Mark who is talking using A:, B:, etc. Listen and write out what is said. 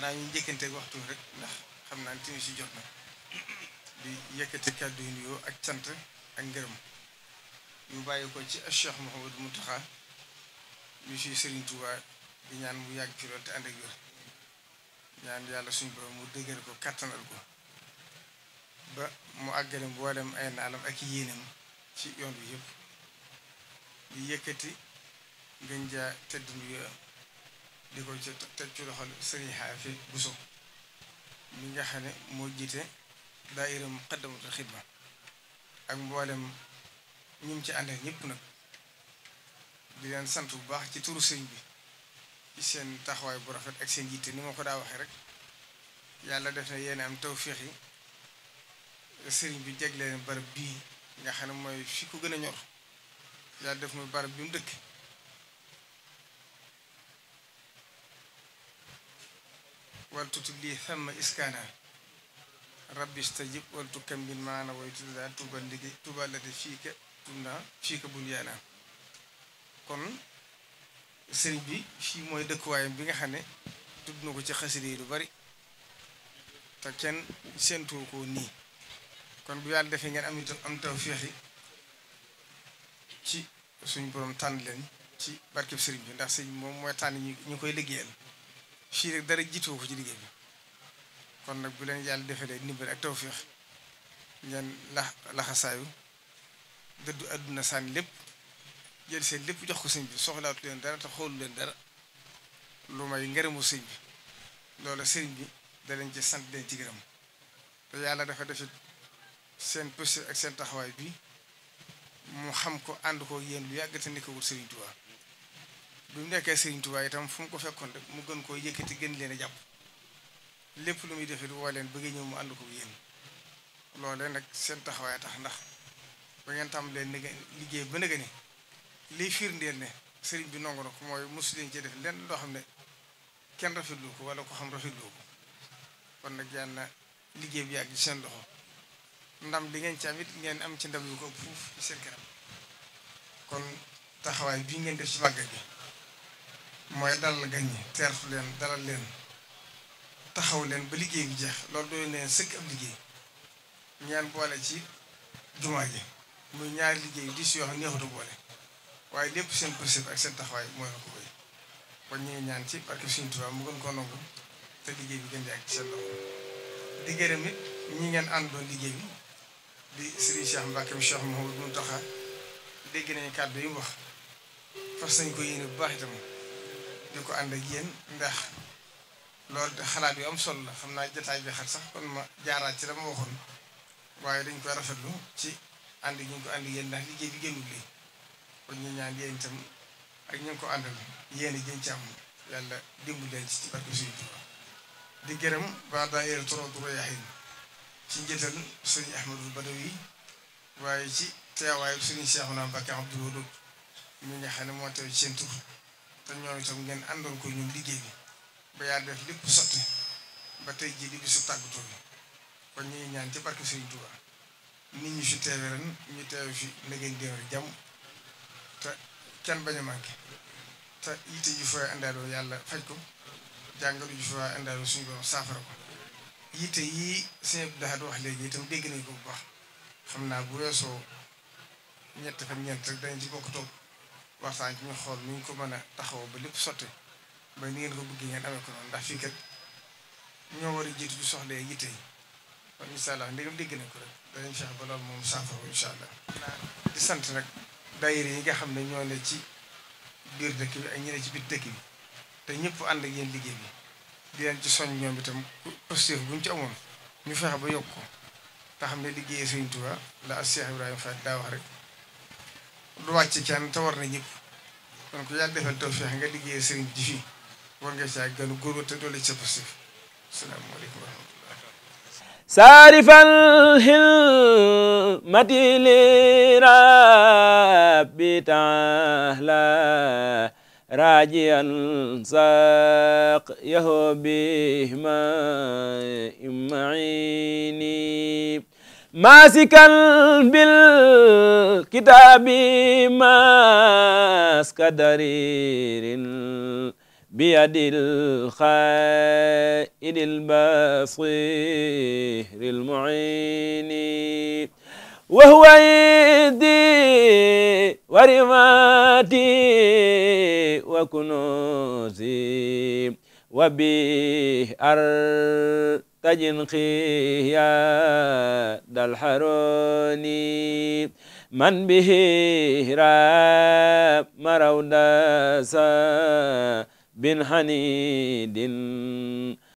A: xanaa ñu njëkkanteeg waxtu rek ndax xam naa timis si jot na di yëkkati kàddu yu nuyoo ak cant ak ngërëm ñu bàyyi ko ci Cheikh Mouhamadou Mountakha ñu si Serigne Touba di ñaan mu yàgg ci loolu te ànd ak wér ñaan yàlla suñu borom mu dëgër ko kàttanal ko ba mu àggale mboolem ay naalam ak yéenam ci yoon bi yëpp di yëkkati ngën jaa tedd nuyoo di ko ci teg ci loxol sëriñ Xaafi Buso mi nga xam moo jiite daayira Muqaddamatul Xidma ak mboolem ñu ci ànd ak ñëpp nag di leen sant bu baax ci turu sëriñ bi ci seen taxawaay bu rafet ak seen jiite ni ma ko daa waxee rek yàlla def na yéen am féex yi sëriñ bi jegleen barab bii nga xam ne mooy fi ku gën a ñor yàlla def muy barab bi mu dëkk wal tutulli thamma iskaana rabbi stajib wal tukammin maana way tudda tuubal liggéey tuubal la de fii ka tunda fii ka bunyaana kon sëriñ bi fii mooy dëkkuwaayam bi nga xam ne tudd na ko ci xasida yi lu bari te kenn séentuwu ko nii kon bu yàlla defee ngeen am itam am tawféex ci suñ borom tànn leen ci barkeb sëriñ bi ndax sëriñ moom mooy tànn ñu koy liggéeyal fii rek dara jiitu ko ci liggéey bi kon nag bu leen yàlla defalee ndimbal ak tawféex ngeen la laxasaayu dëddu àdduna sànni lépp jël seen lépp jox ko sëñ bi soxlaatu leen dara te xoolu leen dara lu may ngërëmu sëñ bi loola sëriñ bi da leen ci sant leen ci gërëm te yàlla dafa def seen posture ak seen taxawaay bi mu xam ko ànd ko yéen lu yàgg te ni ko wut bi mu nekkee Serigne Touba itam fu mu ko fekkoon rek mu gën koo yëkkati gën leen a jàpp lépp lu muy defee du woo leen bëgg ñëw mu ànd ko yéen loolee nag seen taxawaay tax ndax ba ngeen tam leen liggéey ba nëgë ni liy firndeel ne Serigne bi nongu mooy mosu leen cee def loo xam ne kenn rafetlu ko wala ko xam rafetlu nag yal na liggéey bi ak ci seen loxo ndam li ngeen ci am ngeen am ci ndam yu ko ëpp fuuf ci seen kanam kon taxawaay bii ngeen def ci màggal bi. mooy dalal gan ñi teertu leen dalal leen taxaw leen ba liggéey bi jeex loolu doy ne sëkk ab liggéey ñaan boole ci jumaa ji muy ñaari liggéey di si yoo xam boole waaye lépp seen principe ak seen taxawaay mooy na ko koy kon ñu ngi ñaan ci parce que suñu tubaab mu koo nangu te liggéey bi gën di ak seen loxo di gërëm it ñi ngeen liggéey bi di Serigne Cheikh Mbacke mi Cheikh Mouhamadou Mountakha dégg nañu kàddu yi mu wax fas nañ ko yéene bu baax itam di ko ànd ak yéen ndax loolu de xalaat yu am sol la xam naa jataay bi xat sax kon ma jaaraat ci dama waxoon waaye dañ koy rafetlu ci ànd gi ñu ko ànd yéen ndax liggéey bi génnul lii kon ñu ñaan yéen itam ak ñu ko ànd yéen a jën ci am yàlla dimbu ci barke suñu Tuuba di gërëm waa daayira Rawdu Rayaahiin ci njëtal sëñ Ahmadul Badawi waaye ci teewaayu sëñ Seexuna Mbàkke Abdul Wadoud mi nga xam ne moo teew ci seen tur te ñoom itam ngeen àndoon ko ñun liggéey bi ba yaa def lépp sotti ba tey jii di su tàggatoo bi kon ñu ngi ñaan ci barke Sëriñ Tuubaa nit ñi fi teewe ren ñu teewe fi na ngeen déwér jàmm te kenn bañ a manqué te yitte ju fay àndaaloo yàlla faj ko jàngalu ju fay àndaaloo suñu borom saafara ko yitte yii sëñ Abdou Lahad wax léegi itam dégg nañ ko bu baax xam naa bu weesoo ñett fan ñeent rek dañ ci bokk toog waxtaan ci ñu xool nu ñu ko mën a taxaw ba lépp sotti ba ni ngeen ko bëggee ngeen amee ko noonu ndax fii kat ñoo war a jiit ci soxla yi yitte yi kon incha allah ndégam dégg nañ ko rek danañ fexe ba loolu moom saafara incha allah. di sant nag daayira yi nga xam ne ñoo ne ci biir dëkk bi ak ñi ci biir dëkk bi te ñëpp ànd ak yéen liggéey bi di ci soñ ñoom itam posture bu ñu ci amoon ñu fexe ba yokk ko te xam ne liggéeyee Sëriñ Tuubaa la ak Cheikh Ibrahima Fall daa wax rek. du wàcc kenn te war na ñëpp donc yàlla defal tawfeex nga liggéey sëriñ ji fii
B: war nga caa gën góor doole ca passif salaamaaleykum wa rahmatullah saarifal hilmati li rabbi taala rajiyan saq yahu bihima imaini masikan bil kitabi maska daririn biyadil xaidil basiril muini wa huwa yidi wa rimati wa kunuzi wa تجن قياد الحرون من به راب مرود بن حنيد